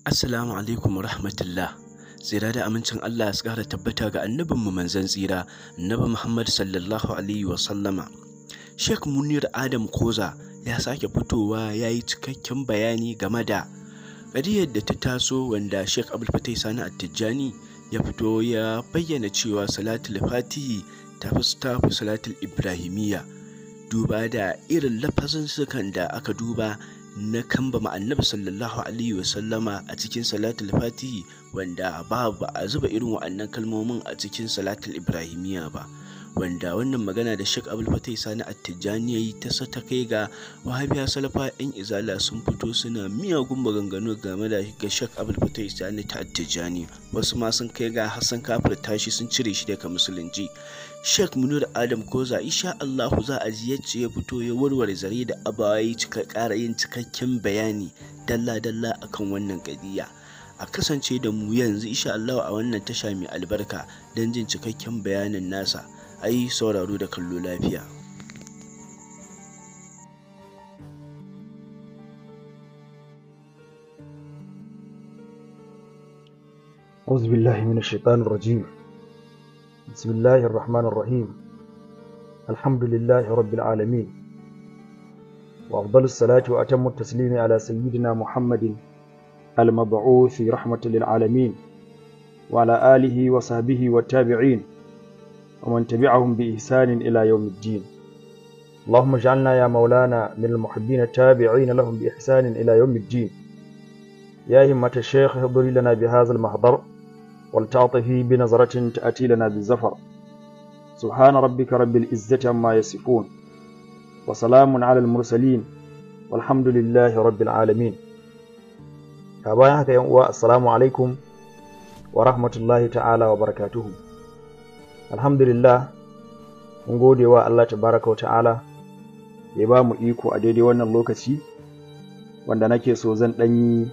Assalamu alaikum rahmatullah. Tsira da amincin Allah ya tsara tabbata ga annabin annabinmu manzon tsira, Annabi Muhammad sallallahu alaihi wa sallama. Sheikh Munir Adam Koza ya sake fitowa ya yi cikakken bayani game da ƙadiyar da ta taso wanda Sheikh Abdul Fatai Sani Attijani ya fito ya bayyana cewa Salatul Fatihi ta fi Salatul Ibrahimiyya duba da irin lafazin sukan da aka duba na kambama annabi sallallahu alaihi sallama a cikin salatul fatihi wanda ba ba a zuba irin wa'annan kalmomin a cikin salatul Ibrahimiyya ba wanda wannan magana da shek abul Fatai Sani Attijani yayi ta sata kai ga wahabiya salafa yan izala sun fito suna miyagun maganganu game da ga shek abul Fatai Sani ta Attijani wasu ma sun kai ga Hassan Kafir tashi sun cire shi daga musulunci Sheikh Munir Adam Koza insha Allah za a ji yacce ya fito ya warware zare da abawai cika ƙara yin cikakken bayani dalla-dalla akan wannan kadiya A kasance da mu yanzu insha Allah a wannan tasha mai albarka don jin cikakken bayanin nasa. Ai sauraro da kallo lafiya. أعوذ بالله من الشيطان الرجيم بسم الله الرحمن الرحيم الحمد لله رب العالمين وأفضل الصلاة وأتم التسليم على سيدنا محمد المبعوث رحمة للعالمين وعلى آله وصحبه والتابعين ومن تبعهم بإحسان إلى يوم الدين اللهم اجعلنا يا مولانا من المحبين التابعين لهم بإحسان إلى يوم الدين يا همة الشيخ اضري لنا بهذا المحضر ولتعطفي بنظرة تأتي لنا بالزفر سبحان ربك رب العزة عما يصفون وسلام على المرسلين والحمد لله رب العالمين bayan haka yan uwa assalamu alaikum wa rahmatullahi ta'ala wa barakatuhu alhamdulillah mun gode wa Allah tabaraka wa ta'ala ya ba mu iko a daidai wannan lokaci wanda nake so zan ɗanyi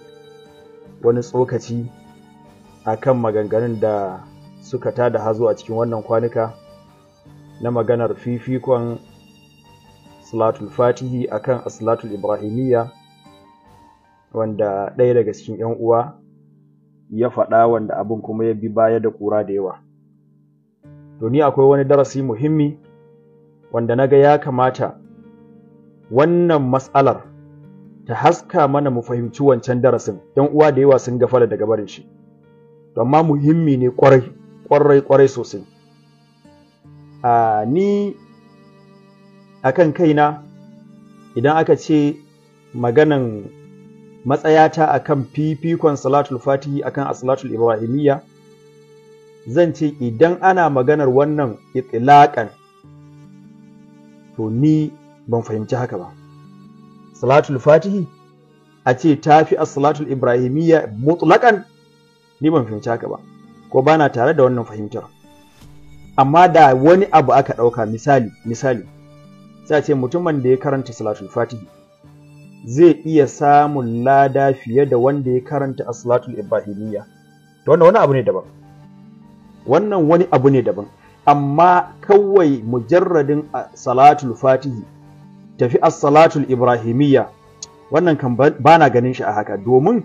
wani tsokaci akan maganganun da suka tada hazo a cikin wannan kwanuka na maganar fifikon salatul fatihi akan salatul ibrahimiyya wanda ɗaya daga cikin 'yan uwa ya faɗa wanda abin kuma ya bi baya da ƙura da yawa to ni akwai wani darasi muhimmi wanda na ga ya kamata wannan matsalar ta haska mana mu fahimci wancan darasin 'yan uwa da yawa sun gafala daga barin shi amma muhimmi ne kwarai kwarai kwarai sosai a ni a kan kaina idan aka ce maganan matsayata a kan fifikon salatul fatihi akan kan asalatul ibrahimiyya zan ce idan ana maganar wannan itilaƙan to ni ban fahimci haka ba salatul fatihi a ce ta fi asalatul ibrahimiyya mutlaƙan ni ban fahimci haka ba ko bana tare da wannan fahimtar amma da wani abu aka ɗauka misali misali sai ce mutumin da ya karanta salatul fatihi zai iya samun lada fiye da wanda ya karanta as-salatul ibrahimiyya to wannan wani abu ne daban wannan wani abu ne daban amma kawai mujarradin salatul fatihi tafi as-salatul ibrahimiyya wannan kan bana ganin shi a haka domin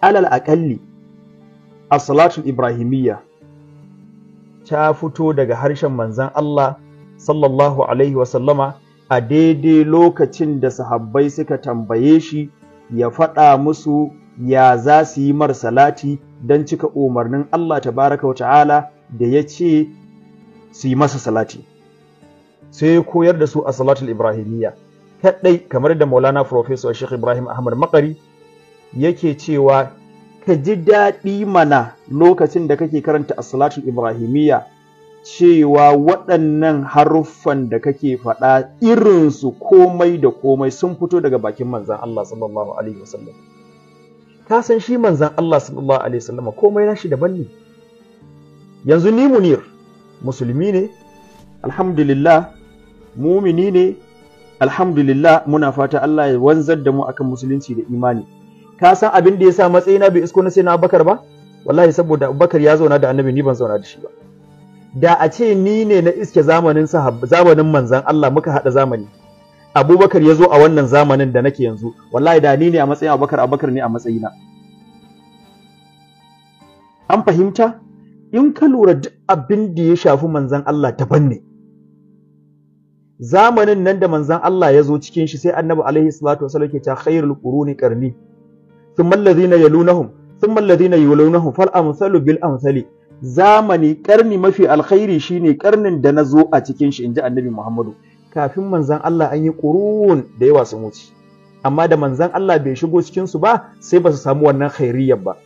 alal aƙalli a salatul ibrahimiyya ta fito daga harshen manzan Allah sallallahu alaihi wasallama a daidai lokacin da sahabbai suka tambaye shi ya faɗa musu ya za su yi mar salati don cika umarnin Allah tabaraka ta'ala da ya ce su yi masa salati sai ya koyar da su a salatul ibrahimiyya kaɗai kamar da maulana Profesor Sheikh Ibrahim Ahmad Makari yake cewa ka ji daɗi mana lokacin da kake karanta asalatul ibrahimiyya cewa waɗannan haruffan da kake faɗa irinsu komai da komai sun fito daga bakin manzan Allah sallallahu alaihi wasallam ka san shi manzan Allah sallallahu alaihi wasallam komai nashi daban ne yanzu ni munir musulmi ne alhamdulillah mumini ne alhamdulillah muna fata Allah ya wanzar da mu akan musulunci da imani ka san abin da ya matsayi matsayina bai isko na sai na Abubakar ba wallahi saboda Abubakar ya zauna da Annabi ni ban zauna da shi ba da a ce ni ne na iske zamanin zamanin manzan Allah muka haɗa zamani Abubakar ya zo a wannan zamanin da nake yanzu wallahi da ni ne a matsayin Abubakar Abubakar ne a matsayina an fahimta in ka lura duk abin da ya shafi manzan Allah ta ne. zamanin nan da manzan Allah ya zo cikin shi sai Annabi alaihi salatu wasallam ke ta khairul quruni karni ثم الذين يلونهم ثم الذين يلونهم fal amsalu bil zamani karni mafi alkhairi shine karnin da na zo a cikin shi inji annabi Muhammadu kafin manzan Allah an yi qurun da yawa sun wuce amma da manzan Allah bai shigo cikin su ba sai ba su samu wannan khairiyar ba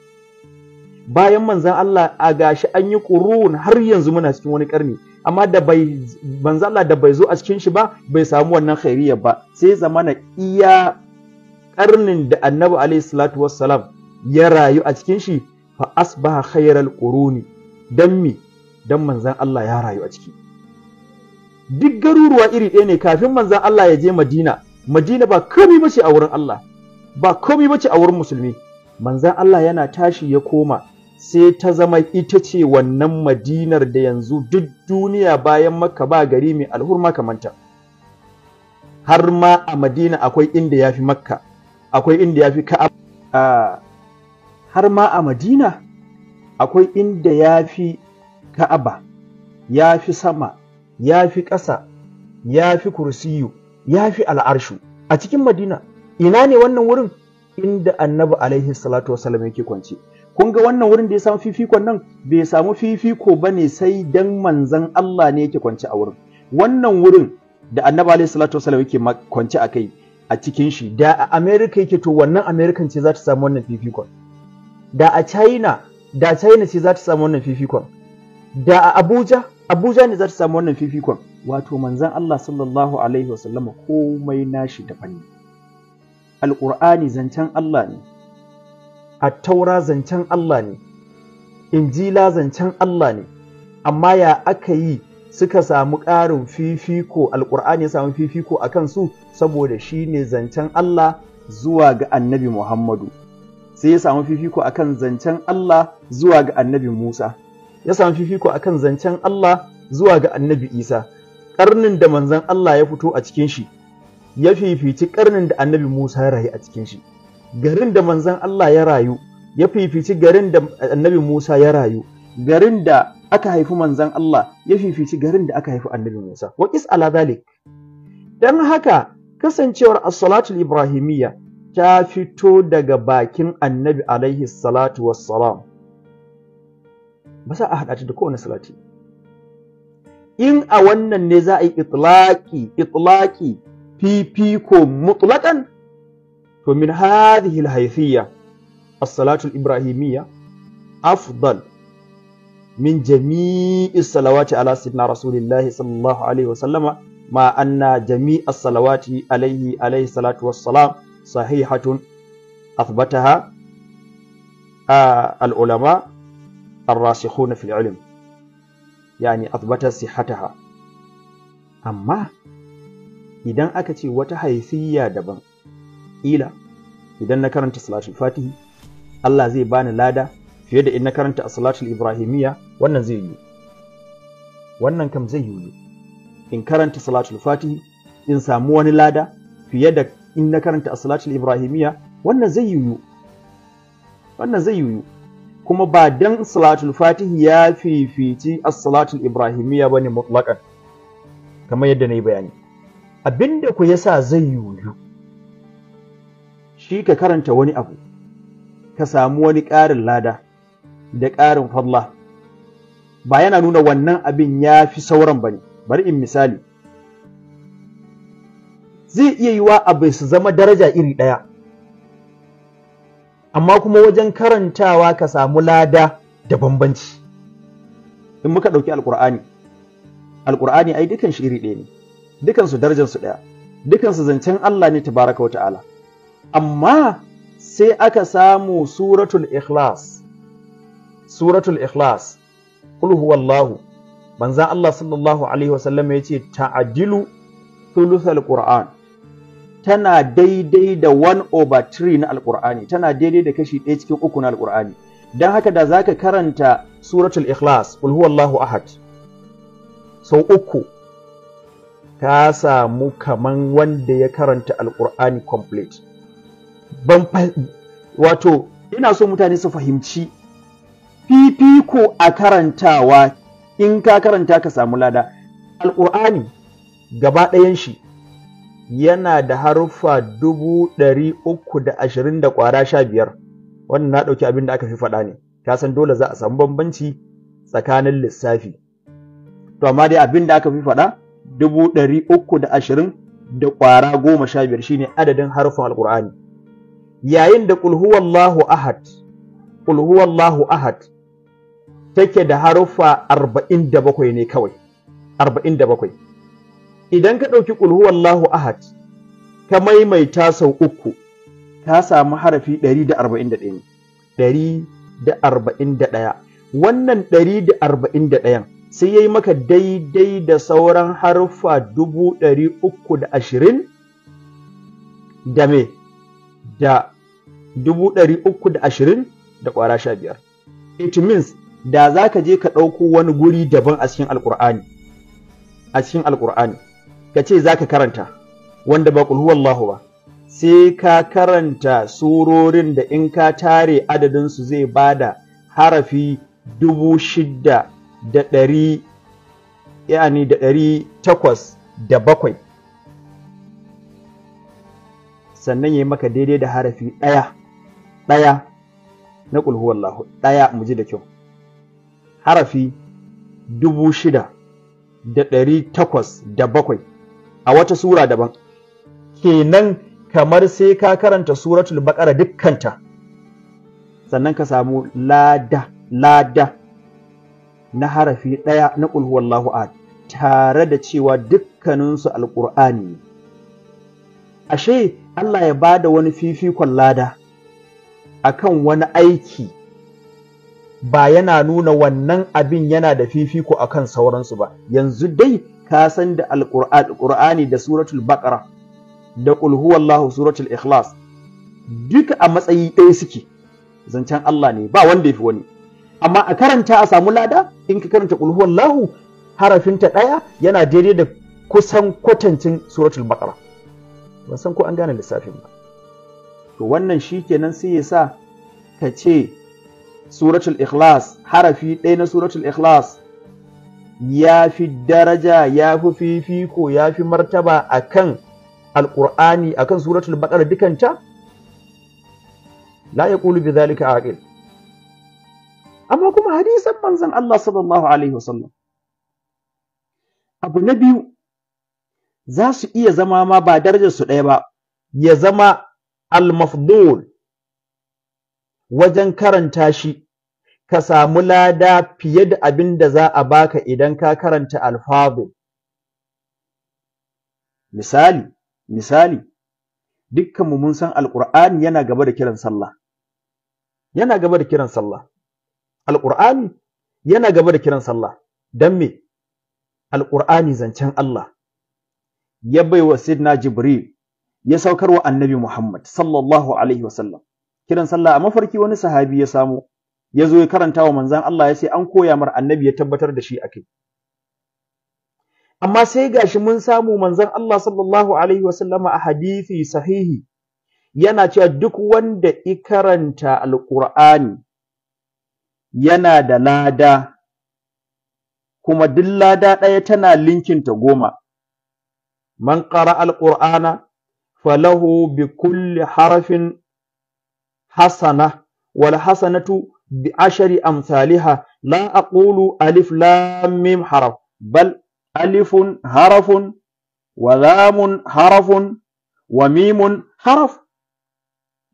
bayan manzan Allah a gashi an yi qurun har yanzu muna cikin wani karni amma da bai manzan Allah da bai zo a cikin shi ba bai samu wannan khairiyar ba sai zamana iya ƙarnin da annabi alaihi salatu wassalam ya rayu a cikin shi fa asbaha khairal quruni dan mi dan manzan Allah ya rayu a ciki duk garuruwa iri ɗaya ne kafin manzan Allah ya je Madina Madina ba komi bace a wurin Allah ba komai bace a wurin musulmi manzan Allah yana tashi ya koma sai ta zama ita ce wannan madinar da yanzu duk duniya bayan maka ba gari mai alhurma kamanta har ma a madina akwai inda ya fi makka akwai inda ya fi har ma a madina akwai inda ya fi ka'aba ya fi sama ya fi ƙasa ya fi kursiyu ya fi al'arshu a cikin madina ina ne wannan wurin inda annabi alaihi salatu wasalam yake kwance kun ga wannan wurin da ya samu fifikon nan bai samu fifiko ba ne sai dan manzan Allah ne yake kwance a wurin wannan wurin da annabi alaihi salatu wasalam yake kwance a kai a cikin shi da a Amerika yake to wannan American ce za ta samu wannan fifikon da a China da China ce za ta samu wannan fifikon da a Abuja Abuja ne za ta samu wannan fifikon wato manzon Allah sallallahu alaihi wasallam komai nashi daban fanni. Alƙur'ani zancen Allah ne Attaura zancen Allah ne Injila zancen Allah ne amma ya aka yi suka samu ƙarin fifiko alƙur'ani ya samu fifiko a kansu saboda shi ne zancen Allah zuwa ga annabi Muhammadu sai ya samu fifiko akan zancen Allah zuwa ga annabi Musa ya samu fifiko akan zancen Allah zuwa ga annabi Isa ƙarnin da manzon Allah ya fito a cikin shi ya fifici ƙarnin da annabi Musa ya rayu a cikin shi garin da manzon Allah ya rayu ya fifici garin da annabi Musa ya rayu garin da aka haifi manzan Allah ya fifici garin da aka haifi annabi Musa wa is ala zalik dan haka kasancewar as-salatul ibrahimiyya ta fito daga bakin annabi alaihi salatu wassalam ba sa a haɗa ta da kowane salati in a wannan ne za a yi itlaƙi fifi fifiko mutlaqan to min hadhihi al-haythiyya as-salatu al-ibrahimiyya afdal min jami'is salawati ala sayyidina rasulillahi sallallahu alaihi wa sallama ma anna jami'as salawati alaihi alaihi salatu wassalam sahihatun athbataha al-ulama الراسخون في العلم يعني أثبت صحتها أما idan aka ce wata haifiyya daban ila idan na karanta salatul fatihi Allah zai bani lada fiye da in na karanta a salatul ibrahimiyya wannan zai yi wannan kam zai yi in karanta salatul fatihi in samu wani lada fiye da in na karanta a salatul ibrahimiyya wannan zai yi wannan zai yi kuma ba dan salatul fatihi ya fifici a salatul ibrahimiyya bane mutlaqan kamar yadda na yi bayani abinda ku yasa zai yiwu shi ka karanta wani abu ka samu wani ƙarin lada da ƙarin fadla ba yana nuna wannan abin ya fi sauran ba ne bari in misali zai iya yiwa abu su zama daraja iri ɗaya amma kuma wajen karantawa ka samu lada da bambanci in muka ɗauki alƙur'ani alƙur'ani ai dukan shi iri ɗaya ne dukan su darajar su ɗaya dukan su zancen Allah ne tabaraka wa ta'ala amma sai aka samu suratul ikhlas suratul ikhlas qul huwallahu manzan Allah sallallahu alaihi wasallam yace ta'dilu ta'adilu thuluthal qur'an tana daidai da 1 over 3 na alqur'ani tana daidai da kashi ɗaya cikin uku na alqur'ani dan haka da zaka karanta suratul ikhlas qul huwallahu ahad sau uku ka samu kaman wanda ya karanta alqur'ani complete ban wato ina so mutane su fahimci fifiko a karantawa in ka karanta ka samu lada alƙur'ani gaba ɗayan shi yana da haruffa dubu ɗari uku da ashirin da ƙwara sha biyar wannan na ɗauki abin da aka fi faɗa ne ka san dole za a samu bambanci tsakanin lissafi to amma dai abin da aka fi faɗa dubu ɗari uku da ashirin da ƙwara goma sha biyar shine adadin haruffan alƙur'ani yayin da ƙulhuwallahu ahad ahad take da haruffa 47 ne kawai 47 idan ka ɗauki ƙulhuwallahu ahad ka maimaita sau uku ka samu harafi 141 141 wannan 141 sai ya yi maka daidai da sauran haruffa 320 da me da 320 da ƙwara 15 it means da za ka je ka ɗauko wani guri daban a cikin alƙur'ani a cikin alƙur'ani ka ce za ka karanta wanda ba Wallahu ba sai ka karanta surorin da in ka tare adadinsu zai ba da harafi dubu shidda da ɗari yani da ɗari takwas da bakwai sannan ya yi maka daidai da harafi ɗaya ɗaya na Wallahu, ɗaya mu ji da kyau harafi dubu shida da ɗari takwas da bakwai a wata sura daban kenan kamar sai ka karanta suratul baƙara dukkanta sannan ka samu lada lada na harafi ɗaya na ƙulhuwallahu a tare da cewa dukkaninsu alƙur'ani ashe Allah ya ba da wani fifikon lada a kan wani aiki ba yana nuna wannan abin yana da fifiko a kan sauransu ba yanzu dai ka san da Alƙur'ani da suratul baqara da qul suratul ikhlas duka a matsayi ɗaya suke zancen Allah ne ba wanda ya fi wani amma a karanta a samu lada in ka karanta ƙulhuwar harafinta ɗaya yana daidai da kusan kwatancin suratul baqara ban san ko an gane lissafin ba to wannan shikenan sai ya sa ka ce suratul ikhlas harafi ɗaya na suratul ikhlas ya fi daraja ya fi fifiko ya fi martaba a kan alƙur'ani a kan suratul baƙar dukanta la ya ƙulu bi zalika aqil amma kuma hadisan manzon Allah sallallahu alaihi wasallam abu na biyu za su iya zama ma ba darajar su ɗaya ba ya zama al-mafdul wajen karanta shi ka samu lada fiye da abin da za a baka idan ka karanta alfazil misali misali dukkanmu mun san Al’ur’ani yana gaba da kiran sallah yana gaba da kiran sallah Al’ur’ani yana gaba da kiran sallah don me Al’ur’ani zancen Allah ya baiwa sidna jibril ya saukar wa annabi muhammad sallallahu alaihi wasallam kiran sallah a mafarki wani sahabi ya samu ya zo ya karanta wa manzan Allah ya ce an koya mar annabi ya tabbatar da shi a kai. amma sai gashi mun samu manzan Allah sallallahu alaihi wasallama a hadithi sahihi yana cewa duk wanda i karanta yana da lada kuma duk lada ɗaya tana linkinta goma man ƙara Alƙur'ana falahu bi kulli harafin hasana wal hasanatu bi ashari amsalha la aqulu alif lam mim harf bal alifun harafun wa lamun harafun wa mimun haraf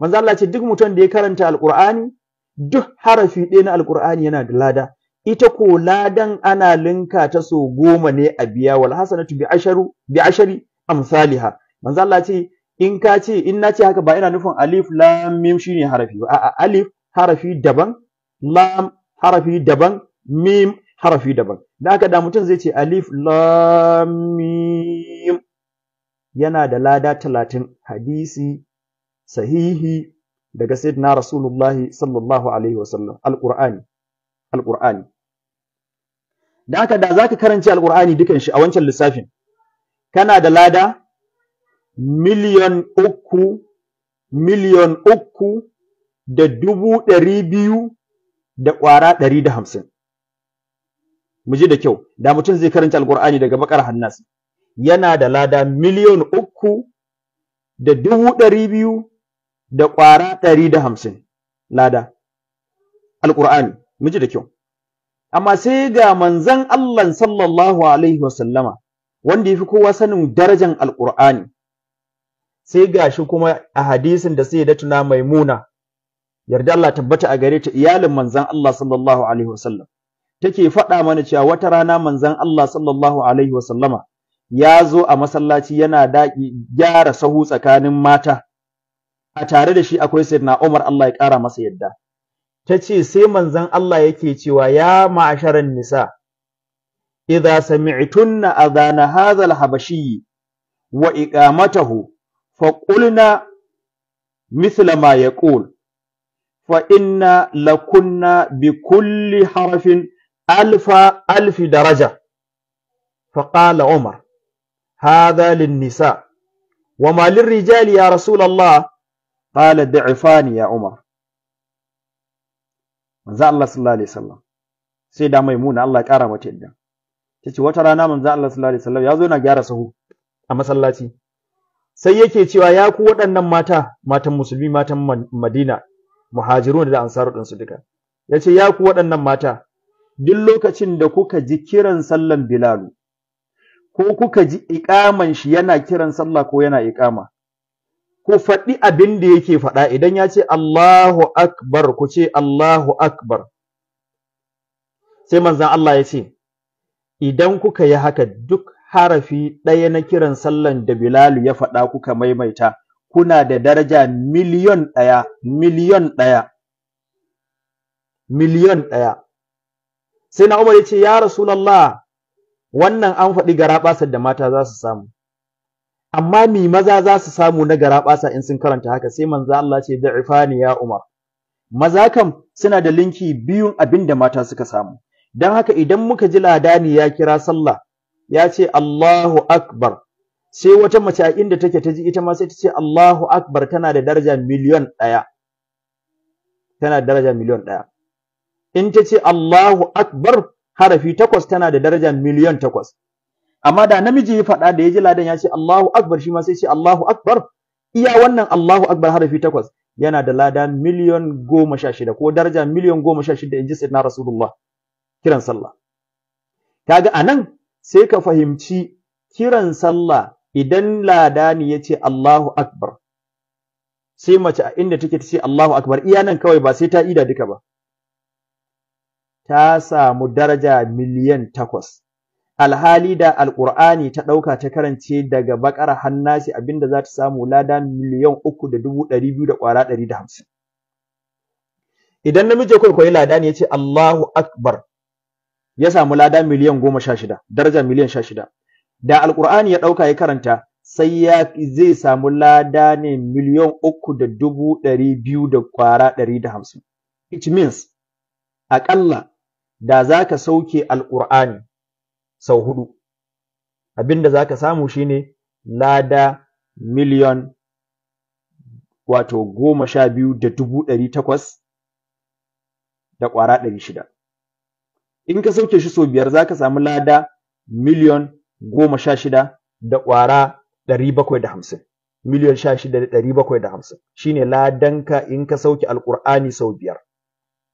manzo Allah ce duk mutum da ya karanta alqur'ani duk harafi ɗaya na alqur'ani yana da lada ita ko ladan ana linka ta so goma ne a biya wal hasanatu bi asharu bi ashari amsalha manzo Allah ce in ka ce in na ce haka ba ina nufin alif lam mim shine harafi ba a alif harafi daban lam harafi daban mim harafi daban da haka da mutum zai ce alif lam mim yana da lada talatin hadisi sahihi daga sayyidina rasulullahi sallallahu alaihi wasallam alqur'ani alqur'ani da haka da zaka karanci alqur'ani dukan shi a wancan lissafin kana da lada miliyan uku miliyan uku da dubu ɗari biyu da ƙwara ɗari da hamsin mu ji da kyau da mutum zai karanta alƙur'ani daga bakar hannas yana da lada miliyan uku da dubu ɗari biyu da ƙwara ɗari da hamsin lada alƙur'ani mu ji da kyau amma sai ga manzan Allah sallallahu alaihi wasallama wanda ya fi kowa sanin darajan alƙur'ani sai gashi kuma a hadisin da sai da tuna maimuna yarda Allah tabbata a gare ta iyalin manzan Allah sallallahu alaihi wasallam take faɗa mana cewa wata rana manzan Allah sallallahu alaihi wasallama ya zo a masallaci yana daƙi gyara sahu tsakanin mata a tare da shi akwai sayyidina Umar Allah ya ƙara masa yadda tace sai manzan Allah yake cewa ya ma'asharan nisa idza sami'tunna adhana hadha al-habashi wa iqamatahu فقلنا مثل ya يقول Fa'inna لكنا بكل حرف ألف ألف درجة فقال عمر هذا للنساء وما للرجال يا رسول الله قال ضعفان يا عمر manzo Allah sallallahu alaihi wasallam sai da maimuna Allah ya mataida. tace wata rana manzo Allah sallallahu ya zo yana gyara sahu a masallaci sai yake cewa ya ku waɗannan mata matan musulmi matan Madina muhajirun da ansaru din su duka yace ya ku waɗannan mata duk lokacin da kuka ji kiran sallan Bilalu ko kuka ji iƙaman shi yana kiran sallah ko yana ikama? ku faɗi abin da yake faɗa idan ya ce Allahu Akbar ku ce Allahu Akbar sai manzan Allah ya ce idan kuka yi haka duk harafi ɗaya na kiran sallan da Bilalu ya faɗa kuka maimaita, kuna da daraja miliyon ɗaya, miliyon ɗaya, miliyon ɗaya. Sai na Umar ya ce, Ya rasu Rasulallah, wannan an faɗi garaɓasa da mata za su samu. Amma mi maza za su samu na garaɓasa in sun karanta haka sai manzo Allah ce da'ifani ya Umar. Maza kam suna da linki biyun abin da mata suka samu. Don haka idan muka ji ladani ya kira sallah ya ce Allahu Akbar sai wata mace a inda take ta ji ita ma sai ta ce Allahu Akbar tana da daraja miliyon ɗaya tana da daraja miliyon ɗaya in ta ce Allahu Akbar harafi takwas tana da daraja miliyon takwas amma da namiji ya faɗa da ya ji ladan ya ce Allahu Akbar shi ma sai ce Allahu Akbar iya wannan Allahu Akbar harafi takwas yana da lada miliyon goma sha shida ko daraja miliyon goma sha shida in ji na Rasulullah kiran sallah kaga anan sai ka fahimci kiran sallah idan ladani ya ce Allahu Akbar sai mace a inda take ta ce Allahu Akbar iya nan kawai ba sai ta ida duka ba ta samu daraja miliyan takwas alhali da alƙur'ani ta ɗauka ta karance daga baƙar hannasi abinda za ta samu lada miliyan uku da dubu ɗari biyu da ƙwara ɗari da hamsin idan namiji ya kwaikwayi lada ne ya ce Allahu Akbar ya samu lada miliyan goma sha shida daraja miliyan sha shida da alkur'ani ya ɗauka ya karanta sai ya zai samu lada ne miliyan uku da dubu ɗari biyu da kwara ɗari da hamsin it means aƙalla da za ka sauke Alƙur'ani sau hudu abinda za ka samu shi ne lada miliyan wato goma sha biyu da dubu ɗari takwas da ƙwara ɗari shida in ka sauke shi sau biyar za ka samu lada miliyon goma sha shida da ƙwara ɗari bakwai da hamsin miliyon sha shida da ɗari bakwai da hamsin shi ne ladanka in ka sauke alƙur'ani sau biyar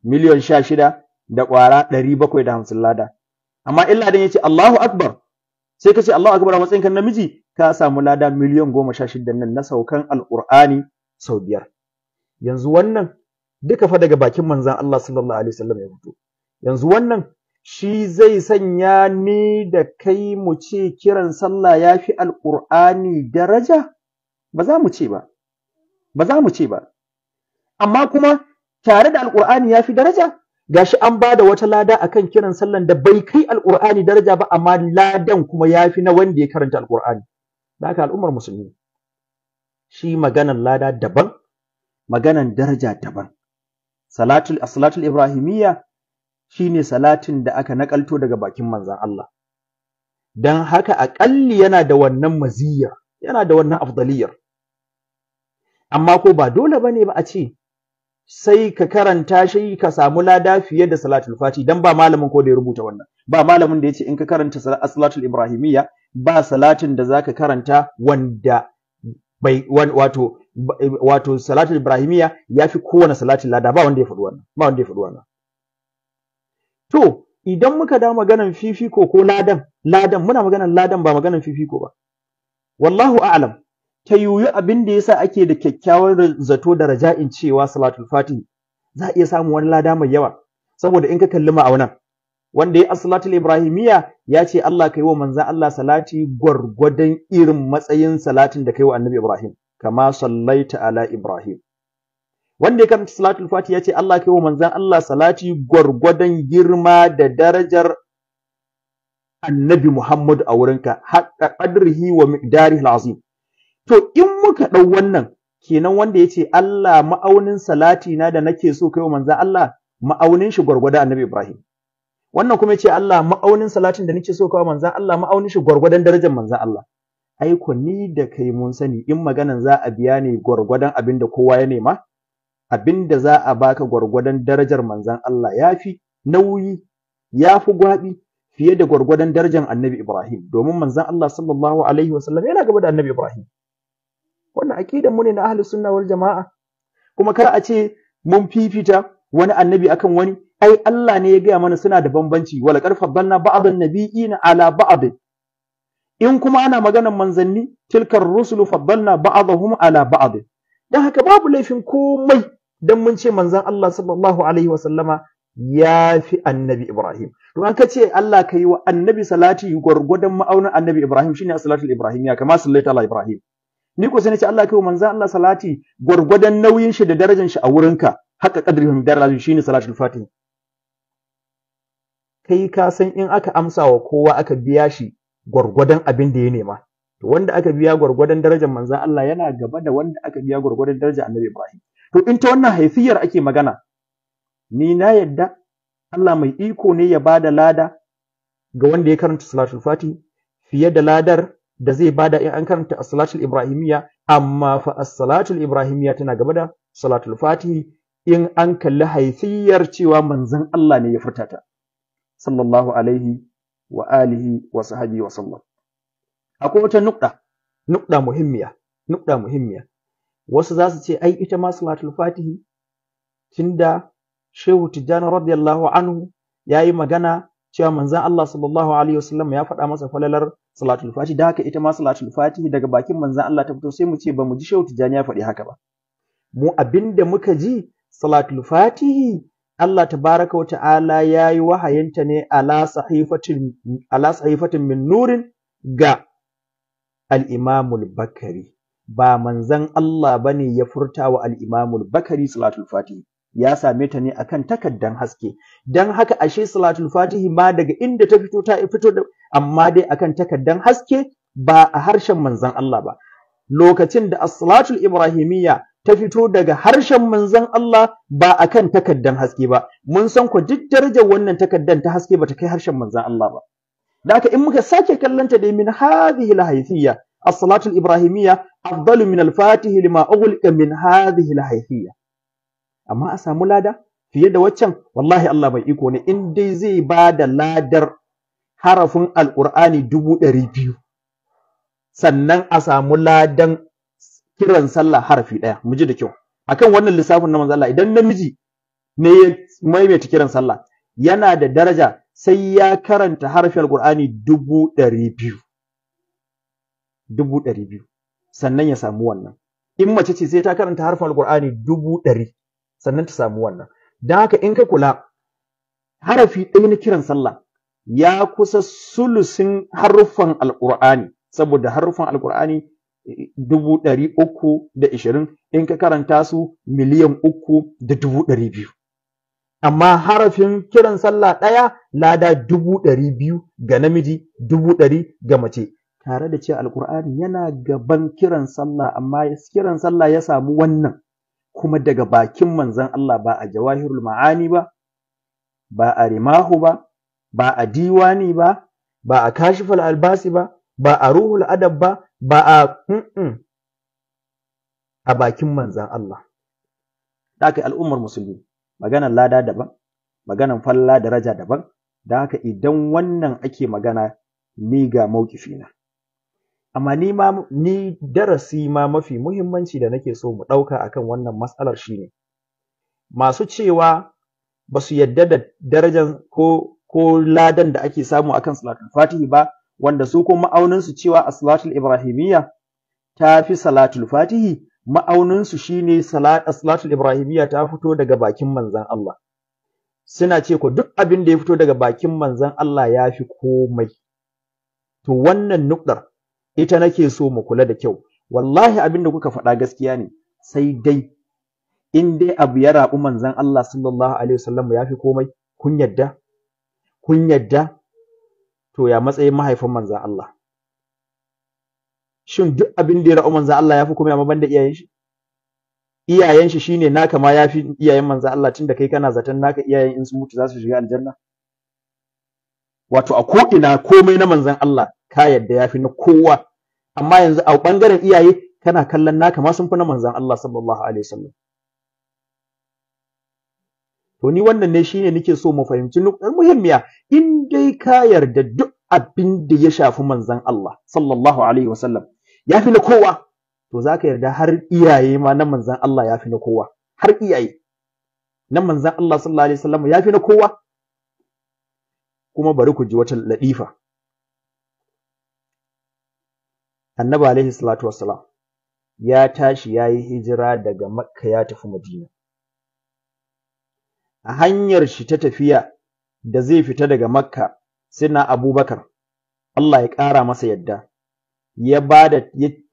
miliyon sha shida da ƙwara ɗari bakwai da hamsin lada amma in ladan ya ce Allahu Akbar sai ka ce Allahu Akbar a matsayinka namiji ka samu lada miliyon goma sha shida nan na saukan alƙur'ani sau biyar yanzu wannan duka fa daga bakin manzan Allah sallallahu alaihi wasallam ya fito yanzu wannan shi zai sanya ni da kai mu ce kiran sallah ya fi alƙur'ani daraja? Ba za mu ce ba, ba za mu ce ba. Amma kuma tare da alƙur'ani ya fi daraja? Gashi an ba da wata lada a kan kiran sallan da bai kai alƙur'ani daraja ba, amma ladan kuma ya fi na wanda ya karanta alƙur'ani. Da ka al'ummar musulmi, shi maganan lada daban, maganan daraja daban. salatul Ibrahimiyya shine salatin da aka nakalto daga bakin manzan Allah Don haka aƙalli yana da wannan maziyar yana da wannan afdaliyar amma ko ba dole ba ne ba a ce sai ka karanta shi ka samu lada fiye da salatul fati Don ba malamin ko da ya rubuta wannan ba malamin da ya ce in ka karanta salatul ibrahimiyya ba salatin da za ka karanta wanda bai wato wato salatul ibrahimiyya fi kowane salatin lada ba wanda ya faɗi wannan ba wanda ya faɗi wannan To, idan muka da maganan fifiko ko ladan, ladan muna maganan ladan ba maganan fifiko ba. Wallahu a'lam. Ta yuyu abin da yasa ake da kyakkyawan zato da raja'in cewa salatul fatih za a iya samun wani lada mai yawa saboda in ka kalli ma'aunan wanda ya salatul ibrahimiyya ya ce Allah kai wa manzan Allah salati gwargwadon irin matsayin salatin da kai wa annabi ibrahim kama sallaita ala ibrahim wanda ya karanta salatul fati ya ce Allah kai wa manzan Allah salati gwargwadon girma da darajar annabi Muhammad a wurinka haƙa qadrihi wa miqdarihi azim to in muka ɗau wannan kenan wanda ya ce Allah ma'aunin salati na da nake so kai wa manzan Allah ma'aunin shi gwargwadon annabi Ibrahim wannan kuma ya ce Allah ma'aunin salatin da nake so kai wa manzan Allah ma'aunin shi gwargwadon darajar manzan Allah Aiko ni da kai mun sani in maganan za a biya ne gwargwadon abin da kowa ya nema abinda za a baka gwargwadon darajar manzan Allah ya fi nauyi ya fi gwaɓi fiye da gwargwadon darajar annabi Ibrahim domin manzan Allah sallallahu alaihi wasallam yana gaba da annabi Ibrahim wannan aqidan mu ne na ahlus sunna wal jamaa kuma kar a ce mun fifita wani annabi akan wani ai Allah ne ya gaya mana suna da bambanci wala karfabanna ba'dan nabiyina ala ba'd in kuma ana maganar manzanni tilkar rusulu faddalna ba'dahum ala ba'd dan haka babu laifin komai dan mun ce manzon Allah sallallahu alaihi wasallama ya fi annabi Ibrahim to an ka ce Allah kai wa annabi salati gwargwadon ma'aunin annabi Ibrahim shine salatul Ibrahim ya kama sallaita ala Ibrahim ni ko sai na ce Allah kai wa manzon Allah salati gwargwadon nauyin shi da darajar shi a wurinka haka kadrihum shi shine salatul Fatih kai ka san in aka amsa wa kowa aka biya shi gwargwadon abin da ya nema to wanda aka biya gwargwadon darajar manzon Allah yana gaba da wanda aka biya gwargwadon darajar annabi Ibrahim to in ta wannan haifiyar ake magana ni na yadda Allah mai iko ne ya bada lada ga wanda ya karanta salatul fati fiye da ladar da zai bada in an karanta a salatul ibrahimiyya amma fa salatul ibrahimiyya tana gaba da salatul fati in an kalli haifiyar cewa manzon Allah ne ya furta ta sallallahu alaihi wa alihi wa sahbihi wa sallam akwai wata nukda nukda muhimmiya nukda muhimmiya wasu za su ce ai ita ma salatul fatihi tunda shehu tijjani radiyallahu anhu ya yi magana cewa manzan Allah sallallahu alaihi wasallam ya faɗa masa falalar salatul fatihi da haka ita ma salatul fatihi daga bakin manzan Allah ta fito sai mu ce ba mu ji shehu tijjani ya faɗi haka ba mu abinda muka ji salatul fatihi Allah tabaraka wa ta'ala ya yi wahayinta ne ala sahifatin ala sahifatin min nurin ga al-imamul bakari ba manzan Allah ba ne ya furta wa al'imamul bakari salatul fatihi ya same ta ne a kan takaddan haske don haka ashe salatul fatihi ma daga inda ta fito ta fito da amma dai a kan takaddan haske ba a harshen manzan Allah ba lokacin da as-salatul ibrahimiyya ta fito daga harshen manzan Allah ba a kan takaddan haske ba mun san ku duk darajar wannan takaddan ta haske ba ta kai harshen manzan Allah ba da haka in muka sake kallanta da min hadhihi al A salatu ibrahimiyya afdalu min al-fatihi lima ughliqa al amma a samu lada fiye da waccan wallahi Allah bai iko ne in dai zai ba da ladar harafin alqur'ani dubu ɗari biyu sannan a samu ladan kiran sallah harafi ɗaya mu ji da kyau akan wannan lissafin na manzo Allah idan namiji ne ya maimaita kiran sallah yana da daraja sai ya karanta harafin alqur'ani dubu ɗari biyu dubu ɗari biyu sannan ya samu wannan in mace ce sai ta karanta harfin alkur'ani dubu ɗari sannan ta samu wannan don haka in ka kula harafi ɗaya na kiran sallah ya kusa sulusin harufan alƙur'ani saboda harufan alkur'ani eh, dubu ɗari uku da ishirin in ka karanta su miliyan uku da dubu ɗari biyu amma harafin kiran sallah ɗaya lada dubu ɗari biyu ga namiji dubu ɗari ga mace tare da cewa alkur'ani yana gaban kiran sallah amma kiran sallah ya samu wannan kuma daga bakin manzon Allah ba a jawahirul ma'ani ba ba a rimahu ba ba a diwani ba ba a kashifal albasi ba ba a ruhul adab ba ba a a bakin manzan Allah da yi al'ummar musulmi maganar lada daban maganar falla daraja daban da haka idan wannan ake magana ni ga maukifi na amma ni ma ni darasi ma mafi muhimmanci da nake so mu ɗauka akan wannan matsalar shine masu cewa ba su yadda da darajar ko ladan da ake samu akan salatul fatihi ba wanda su kuma ma'auninsu cewa a salatul ibrahimiyya ta fi salatul fatihi ma'auninsu shine salatul ibrahimiyya ta fito daga bakin manzan Allah suna ce ko duk abin da ya fito daga bakin manzan Allah ya fi komai to wannan nukdar ita nake so mu kula da kyau wallahi abinda kuka faɗa gaskiya ne sai dai in dai abu ya rabu manzon Allah sallallahu alaihi wasallam ya fi komai kun yadda kun yadda to ya matsayin mahaifin manzon Allah shin duk abin da ya rabu manzon Allah ya fi komai amma banda iyayen shi iyayen shi shine naka ma fi iyayen manzon Allah tunda kai kana zaton naka iyayen in sun mutu za su shiga aljanna wato a ko ina komai na manzon Allah ka yadda fi na kowa amma yanzu a bangaren iyaye kana kallon naka ma sun fi na manzan Allah sallallahu alaihi wasallam to ni wannan ne shine nake so mu fahimci nukar muhimmiya in dai ka yarda duk abin da ya shafi manzan Allah sallallahu alaihi wasallam fi na kowa to zaka yarda har iyaye ma na manzan Allah ya fi na kowa har iyaye na manzan Allah sallallahu alaihi wasallam fi na kowa kuma bari ku ji wata ladifa annabi alaihi salatu wassalam ya tashi ya yi hijira daga makka ya tafi madina a hanyar shi ta tafiya da zai fita daga makka suna abubakar Allah ya ƙara masa yadda ya ba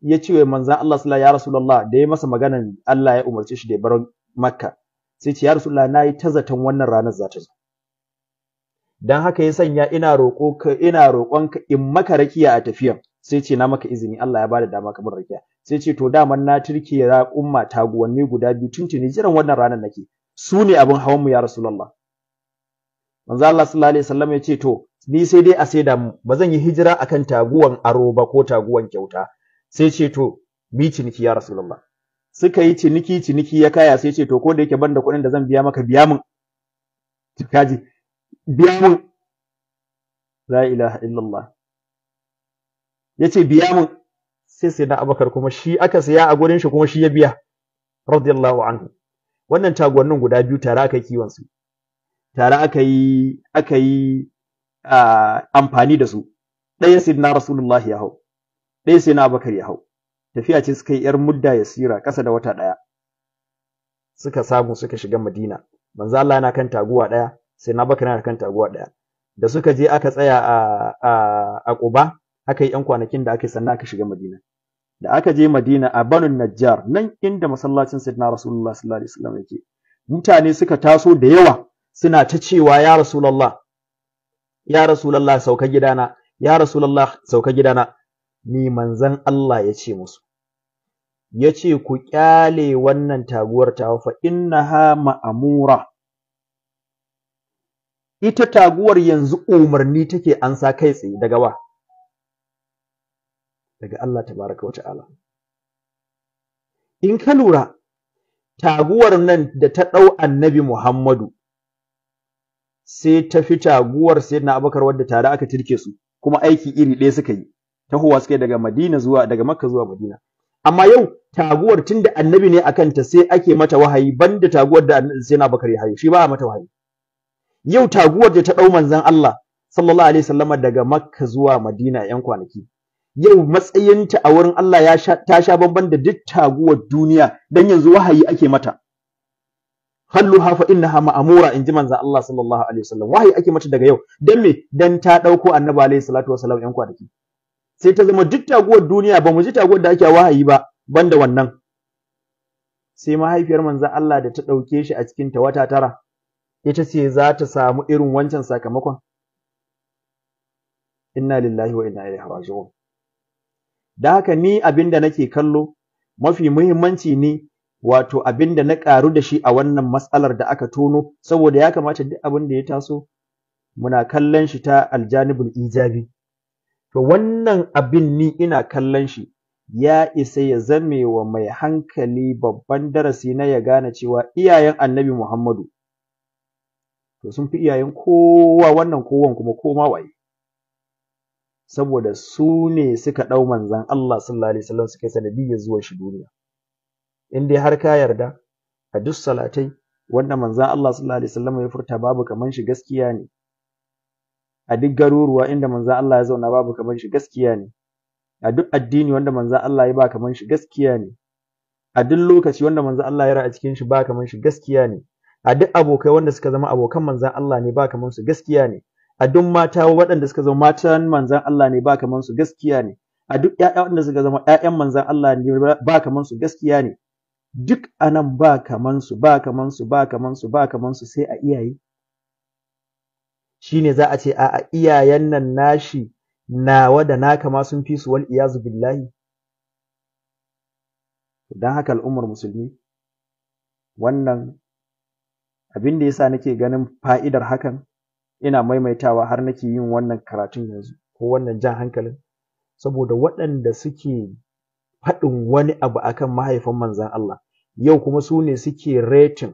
ya ce wa manzan Allah sallallahu ya rasulullah da ya masa maganan Allah ya umarci shi da ya bar makka sai ce ya rasulullah na yi ta wannan ranar za ta zo dan haka ya sanya ina roƙo ka in maka rakiya a tafiyan sai ce na maka izini Allah ya bada dama kamar bin rakiya sai ce to daman na turke ya umma taguwanni guda biyu tun tuni jiran wannan ranar nake su ne abin hawan mu ya rasulullah manzo Allah sallallahu alaihi wasallam ya ce to ni sai dai a saida mu ba zan yi hijira akan taguwan aro ba ko taguwan kyauta sai ce to bi ciniki ya rasulullah suka yi ciniki ciniki ya kaya sai ce to ko da yake ban da kuɗin da zan biya maka biya min kaji biya min la ilaha illallah Ya ce biya mun sai sai na abakar kuma shi aka saya a gurin shi kuma shi ya biya radiyallahu anhu wannan tagwannin guda biyu tare aka kiwon su tare aka yi aka yi amfani da su ɗaya sai na rasulullahi ya hau ɗaya sai na abakar ya hau tafiya ce suka yi yar mudda ya sira ƙasa da wata ɗaya suka samu suka shiga madina manzo Allah yana kan taguwa ɗaya sai na Abakar yana kan taguwa ɗaya da suka je aka tsaya a a a Quba aka yi 'yan kwanakin da aka yi sannan aka shiga madina da aka je madina a banun najjar nan inda masallacin sayyidina rasulullah sallallahu alaihi wasallam yake mutane suka taso da yawa suna ta cewa ya rasulullah ya rasulullah sauka gidana ya rasulullah sauka gidana ni manzan Allah ya ce musu ya ce ku kyale wannan taguwar ta wafa inna ha ma'amura ita taguwar yanzu umarni take an sa kai tsaye daga wa daga Allah tabaraka wa ta'ala in ka lura taguwar nan da ta ɗau annabi Muhammadu sai ta fi taguwar sai na abakar wadda tare aka tirke su kuma aiki iri ɗaya suka yi huwa suka yi daga Madina zuwa daga Makka zuwa Madina amma yau taguwar tun da annabi ne a kanta sai ake mata wahayi ban da taguwar da na abakar ya hayo shi ba mata wahayi yau taguwar da ta ɗau manzan Allah sallallahu alaihi wasallama daga Makka zuwa Madina yan kwanaki yau matsayinta a wurin Allah ya sha, ta sha bamban da duk taguwar duniya dan yanzu wahayi ake mata Hallu halluha fa innaha ma'amura inji manzo Allah sallallahu alaihi wasallam wahayi ake mata daga yau dan me dan ta dauko annabi alaihi salatu wasallam yan kwanaki sai ta zama duk taguwar duniya ba mu ji taguwar da ake wahayi ba banda wannan sai mahaifiyar manzo Allah da ta dauke shi a cikin ta wata tara ita ce za ta samu irin wancan sakamakon inna lillahi wa inna ilaihi raji'un da haka ni abin da nake kallo mafi muhimmanci ne wato abin da na ƙaru da shi a wannan matsalar da aka tono saboda ya kamata duk abin da ya taso muna kallon shi ta aljanibul ijabi to wannan abin ni ina kallon shi ya isa ya zame wa mai hankali babban darasi na ya gane cewa iyayen annabi Muhammadu to sun fi iyayen kowa wannan kowan kuma koma waye saboda su ne suka ɗau manzan Allah sallallahu alaihi wasallam suka yi sanadiyyar zuwa shi duniya in dai har ka yarda a duk salatai wanda manzan Allah sallallahu alaihi wasallam ya furta babu kaman shi gaskiya ne a duk garuruwa inda manzan Allah ya zauna babu kaman shi gaskiya ne a duk addini wanda manzan Allah ya ba kaman shi gaskiya ne a duk lokaci wanda manzan Allah ya ra'a cikin shi ba kaman shi gaskiya ne a duk abokai wanda suka zama abokan manzan Allah ne ba kaman su gaskiya ne a duk mata waɗanda suka zama matan manzan Allah ne ba kaman su gaskiya ne a duk ƴaƴa waɗanda suka zama ƴaƴan manzan Allah ne ba kaman su gaskiya ne duk anan ba kaman su ba kaman su ba kaman su ba kaman su sai a iyaye shine za a ce a iyayen nan nashi nawa da naka ma sun fi su wal iyazu billahi don haka al'ummar musulmi wannan abin da yasa nake ganin fa'idar hakan ina maimaitawa har nake yin wannan karatun yanzu ko wannan jan hankalin saboda waɗanda suke faɗin wani abu akan mahaifin manzan Allah yau kuma su ne suke retin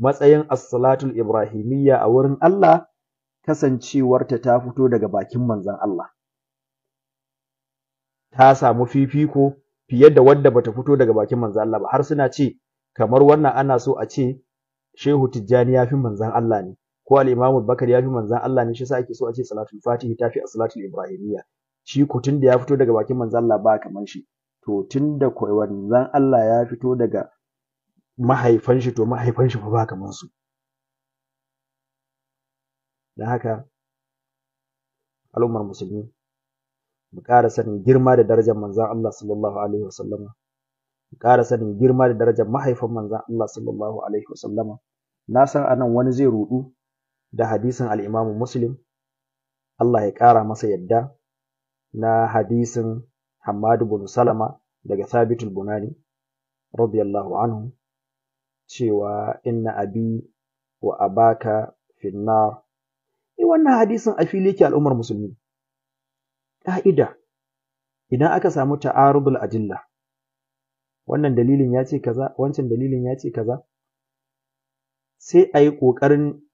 matsayin as-salatul ibrahimiyya a wurin Allah kasancewarta ta fito daga bakin manzan Allah ta samu fifiko fiye da wadda bata fito daga bakin manzan Allah ba har suna ce kamar wannan ana so a ce shehu tijjani ya fi manzan Allah ne ko al-Imam Bakar ya fi manzon Allah ne shi yasa ake so a ce salatul fatihi ta fi as-salatul ibrahimiyya shi ko tunda ya fito daga bakin manzon Allah ba kamar shi to tunda ko manzon Allah ya fito daga mahaifan shi to mahaifan shi ba kamar su dan haka al'ummar musulmi mu ƙara sanin girma da darajar manzon Allah sallallahu alaihi wasallam mu ƙara sanin girma da darajar mahaifan manzon Allah sallallahu alaihi wasallam na san anan wani zai rudu da hadisin al'imamu muslim Allah ya ƙara masa yadda na hadisin Hamadu bin Salama daga Thabitul Bunani radiyallahu anhu cewa inna abi wa abaka finnar e wannan hadisin a fili ke al'ummar musulmi ƙa'ida idan aka samu ta'arubul ajilla wannan dalilin ya ce kaza wancan dalilin ya ce kaza sai a yi ƙoƙarin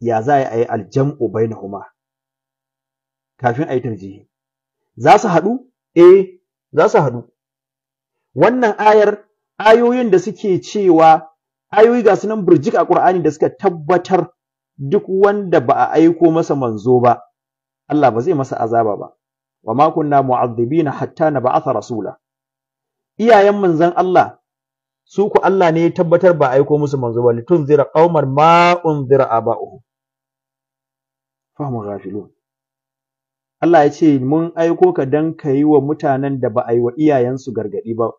ya za a yi aljam'u bainahuma kafin a yi tarjihi za su haɗu eh za su haɗu wannan ayar ayoyin da suke cewa ayoyi ga sunan burjik a Ƙur'ani da suka tabbatar duk wanda ba a aiko masa manzo ba Allah ba zai masa azaba ba wa ma mu'azzabi na hatta na nab'atha rasula iyayen manzon Allah su ku Allah ne ya tabbatar ba a aiko musu manzo ba ƙaumar ma'un ma a aba'uhum fahim ghafilun Allah ya ce mun aiko ka dan ka yi wa mutanen da ba a yi wa iyayensu gargadi ba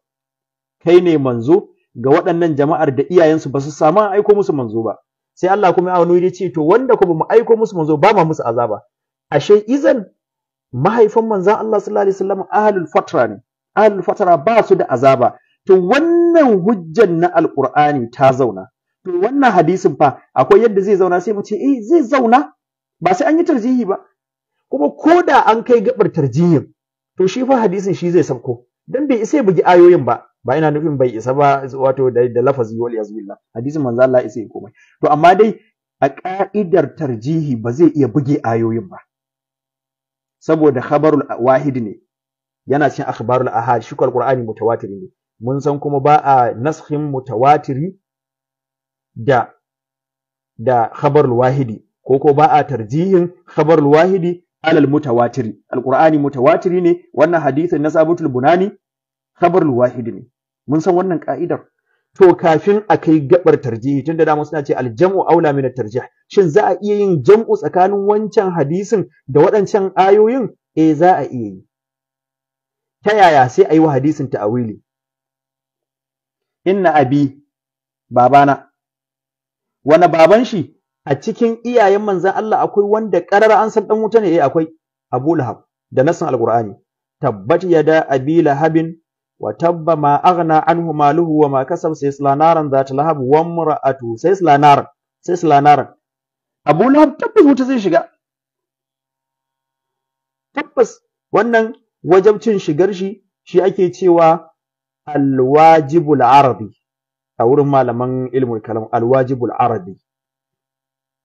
kai ne manzo ga waɗannan jama'ar da iyayensu ba su samu aiko musu manzo ba sai Allah kuma ya wani ce to wanda kuma mu aiko musu manzo ba ma musu azaba ashe izan mahaifan manzan Allah sallallahu alaihi wasallam ahlul fatra ne ahlul fatra ba su da azaba to wannan hujjan na alqur'ani ta zauna to wannan hadisin fa akwai yadda zai zauna sai mu ce eh zai zauna ba sai an yi tarjihi ba kuma ko da an kai gabar tarjihin to shi fa hadisin shi zai sauko. dan bai isa bugi ayoyin ba ba ina nufin bai isa ba wato da, da lafazi wal yazbillah hadisin manzo Allah isa komai to amma dai a ka'idar tarjihi ba zai iya buge ayoyin ba saboda khabarul wahid ne yana cikin akhbarul ahad shi qur'ani mutawatir ne mun san kuma ba a naskhin mutawatiri da da khabarul wahidi ko ko ba a tarjihin khabar wahidi alal mutawatiri alqur'ani mutawatiri ne wannan hadisin na sabutul bunani khabar wahidi ne mun san wannan ka'idar to kafin a kai gabar tarjihi tunda da suna ce aljam'u aula min tarjih shin za a iya yin jam'u tsakanin wancan hadisin da waɗancan ayoyin eh za a iya yi ta yaya sai a yi wa hadisin ta'awili inna abi babana wani baban shi a cikin iyayen manzan Allah akwai wanda ƙarar an san ɗan wuta ne eh akwai Abu Lahab da nasin Alƙur'ani tabbat yada abi lahabin wa tabba ma aghna anhu maluhu wa ma kasab sayasla naran zata lahab wa imra'atu sayasla naran sayasla naran Abu Lahab tabbas wuta zai shiga tabbas wannan wajabcin shigar shi shi ake cewa alwajibul arabi a wurin malaman ilmul kalam alwajibul arabi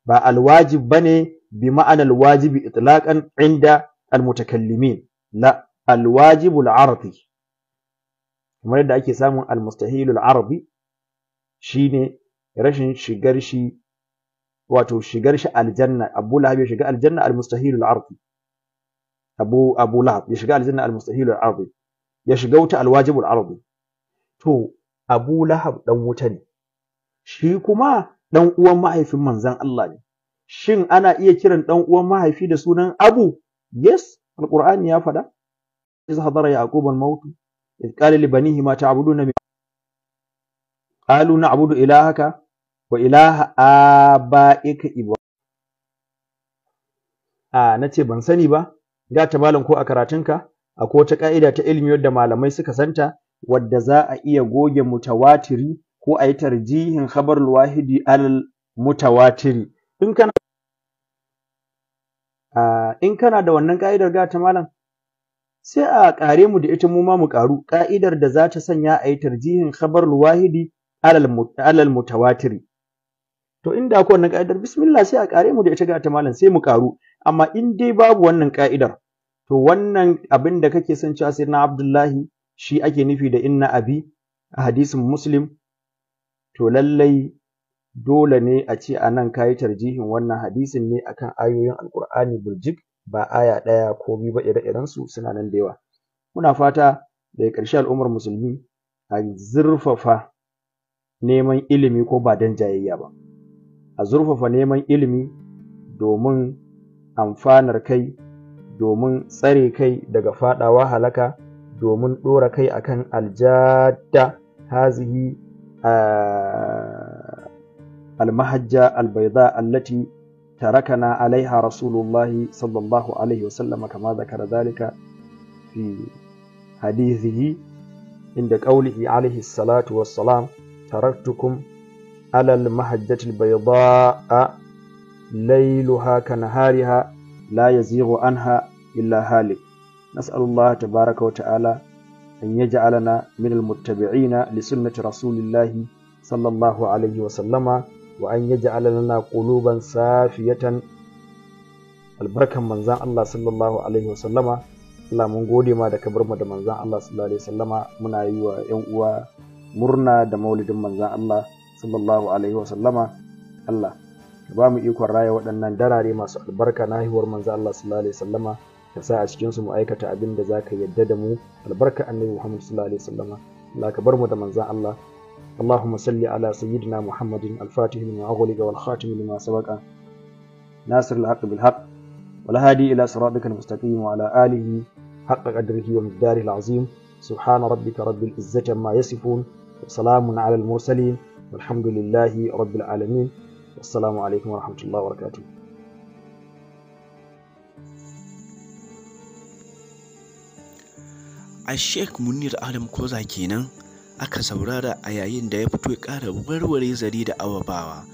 ba alwajib bane bi ma'anar wajibi itlaqan inda almutakallimin la alwajibu al-arabi kamar yadda ake samun almustahilu al-arabi shine rashin shigar shi wato shigar shi aljanna abu lahab ya shiga aljanna almustahilu al-arabi abu abu lahab ya shiga aljanna almustahilu al-arabi ya shiga wuta alwajibu al-arabi to abu lahab dan wuta ne shi kuma ɗan uwan mahaifin manzan Allah ne. Shin ana iya kiran ɗan uwan mahaifi da sunan Abu? Yes, Alƙur'ani ya faɗa. Iz hadara Yaqub al-maut iz qala li banihi ma ta'buduna min qalu na'budu ilahaka wa ilaha abaika ibrahim a nace ban sani ba ga ta malam ko a karatunka akwai wata ka'ida ta ilimi yadda malamai suka santa wadda za a iya goge mutawatiri ko a yi tarjihin khabar wahidi alal mutawatiri in kana in kana da wannan ka'idar ga ta malam sai a kare mu da ita mu ma mu karu ka'idar da za ta sanya a yi tarjihin khabar wahidi alal mutawatiri to inda ko wannan ka'idar bismillah sai a kare mu da ita ga ta malam sai mu karu amma in dai babu wannan ka'idar to wannan abin da kake son cewa na abdullahi shi ake nufi da inna abi a hadisin muslim to lallai dole ne a ce a nan ka yi tarjihin wannan hadisin ne akan ayoyin alƙur'ani burjik ba aya ɗaya ko biyu ba ire-irensu suna nan da yawa muna fata daga ƙarshe al'ummar musulmi a zurfafa neman ilimi ko ba don jayayya ba a zurfafa neman ilimi domin amfanar kai domin tsare kai daga faɗawa halaka domin ɗora kai akan aljada hazihi almahajja albaida allati tarakana alaiha rasulullahi sallallahu alaihi wasallam kama zakara zalika fi hadithihi inda qawlihi alaihi salatu wassalam taraktukum ala almahajjati albaida laylaha kanahariha la yazighu anha illa hali nas'alullaha tabaraka wa ta'ala أن يجعلنا من المتبعين لسنة رسول الله صلى الله عليه وسلم وأن يجعل لنا قلوبا سافية البركة من زان الله صلى الله عليه وسلم Allah mun gode ma da kabar mu da manzan Allah sallallahu alaihi wasallama muna yi wa ƴan uwa murna da maulidin manzan Allah sallallahu alaihi wasallama Allah ka ba mu ikon raya waɗannan darare masu albarka na haihuwar manzan Allah sallallahu alaihi wasallama ka sa a cikinsu mu aikata abin da za ka yadda da mu albarka annabi muhammad sallallahu alaihi wasallam bar mu da manzan Allah Allahumma salli ala sayyidina muhammadin al-fatih lima aghlaq wal khatim lima sabaqa nasir al-haq bil haq wal hadi ila siratika al-mustaqim wa ala alihi haqqa qadrihi wa miqdarihi al-azim سبحان ربك رب العزة ما يصفون وسلام على المرسلين والحمد لله رب العالمين والسلام عليكم ورحمة الله وبركاته a sheik munir adam koza kenan aka saurara a yayin da ya fito ya kara warware zari da awabawa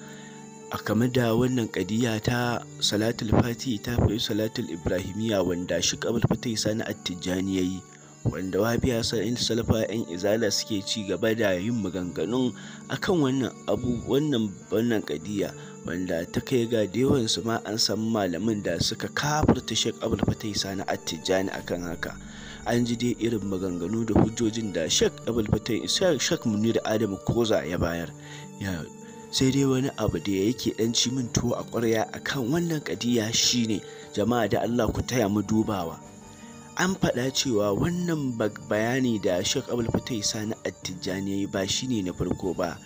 a kama da wannan kadiya ta salatul fati ta fi salatul ibrahimiya wanda shi fita fatai sani tijjani ya yi wanda wabiya sa'in salfa yan izala suke ci gaba da yin maganganun akan wannan abu wannan wannan kadiya wanda ta kai ga yawan su ma an san malamin da suka kafirta shek abul fatai sani attijani akan haka an ji dai irin maganganu da hujjojin da shek abul fatai shek munir adamu koza ya bayar sai dai wani abu da yake dan ci min tuwo a ƙwarya kan wannan kadiya shine jama'a da Allah ku taya mu dubawa an faɗa cewa wannan bayani da shek abul fatai sani attijani ya yi ba shine na farko ba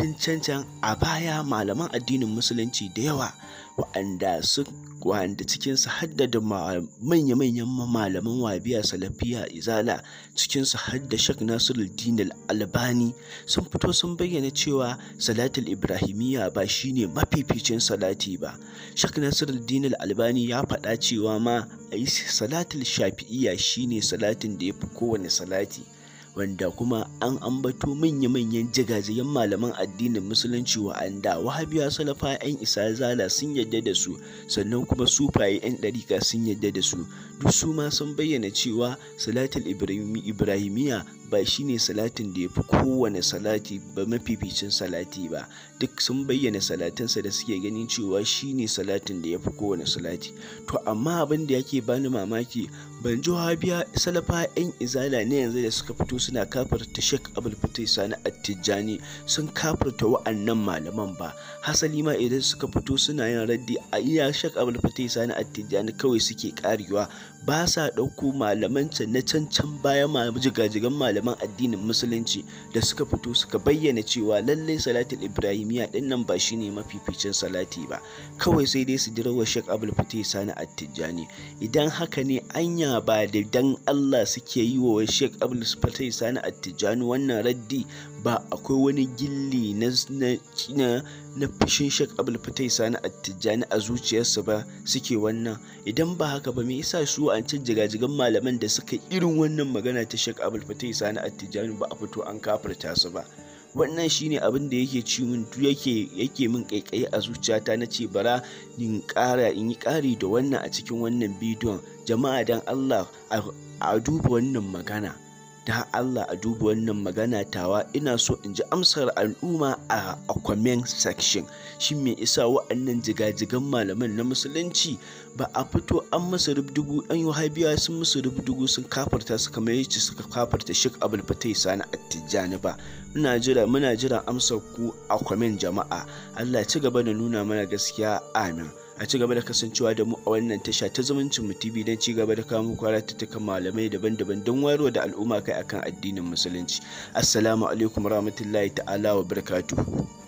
tun cancan a baya malaman addinin musulunci da yawa waɗanda su wanda cikinsu haddada manya-manyan malaman wabiya salafiya izala cikinsu hadda shak nasiruddin albani sun fito sun bayyana cewa salatul ibrahimiyya ba shine mafificin salati ba shak nasiruddin albani ya faɗa cewa ma a yi salatul shafi'iyya shine salatin da ya fi kowane salati wanda kuma an ambato manya-manyan jigajigan malaman addinin musulunci wa'anda wahabiya salafa 'yan isa zala sun yadda da su sannan kuma sufaye 'yan ɗarika sun yadda da su duk su ma sun bayyana cewa salatul ibrahimiya ba shine salatin da ya fi kowane salati ba mafificin salati ba duk sun bayyana salatinsa da suke ganin cewa shine salatin da ya fi kowane salati to amma abin da yake bani mamaki ban ji wahabiya salafa yan izala ne yanzu da suka fito suna kafarta shek abul fitai sani attijani sun kafarta wa'annan malaman ba hasali ma idan suka fito suna yin raddi a iya shek abul fitai sani attijani kawai suke karewa ba sa ɗauko malaman can na can can baya jigajigan malaman addinin musulunci da suka fito suka bayyana cewa lallai salatul ibrahimiya din nan ba shine mafificin salati ba kawai sai dai su dirawa shek abul fatih sani attijani idan haka ne anya ba da dan Allah suke yi wa shek abul fatih sani attijani wannan raddi ba akwai wani gilli na fushin shek abulfatai sani a tijjani a zuciyarsa ba suke wannan idan ba haka ba me yasa su an can jigajigan malaman da suka irin wannan magana ta shek abulfatai sani a tijjani ba a fito an kafarta su ba wannan shine abin da yake ci min yake yake min kaikayi a zuciyata na ce bara in ƙara in yi kari da wannan a cikin wannan bidiyon jama'a dan Allah a duba wannan magana da Allah a duba wannan magana tawa ina so in ji amsar al'umma a comment section shi me isa wa'annan jigajigan malaman na musulunci ba a fito an masa rubdugu an yi habiya sun musu rubdugu sun kafarta su kamar yace suka kafarta Sheikh abul Fatai Sani Attijani ba muna jira muna jira amsar ku a comment jama'a Allah ci gaba da nuna mana gaskiya amin a ci gaba da kasancewa da mu a wannan tasha ta zumuncin mu TV don ci gaba da kawo muku malamai daban-daban don wayarwa da al'umma kai akan addinin musulunci assalamu alaikum rahmatullahi ta'ala wa barakatuhu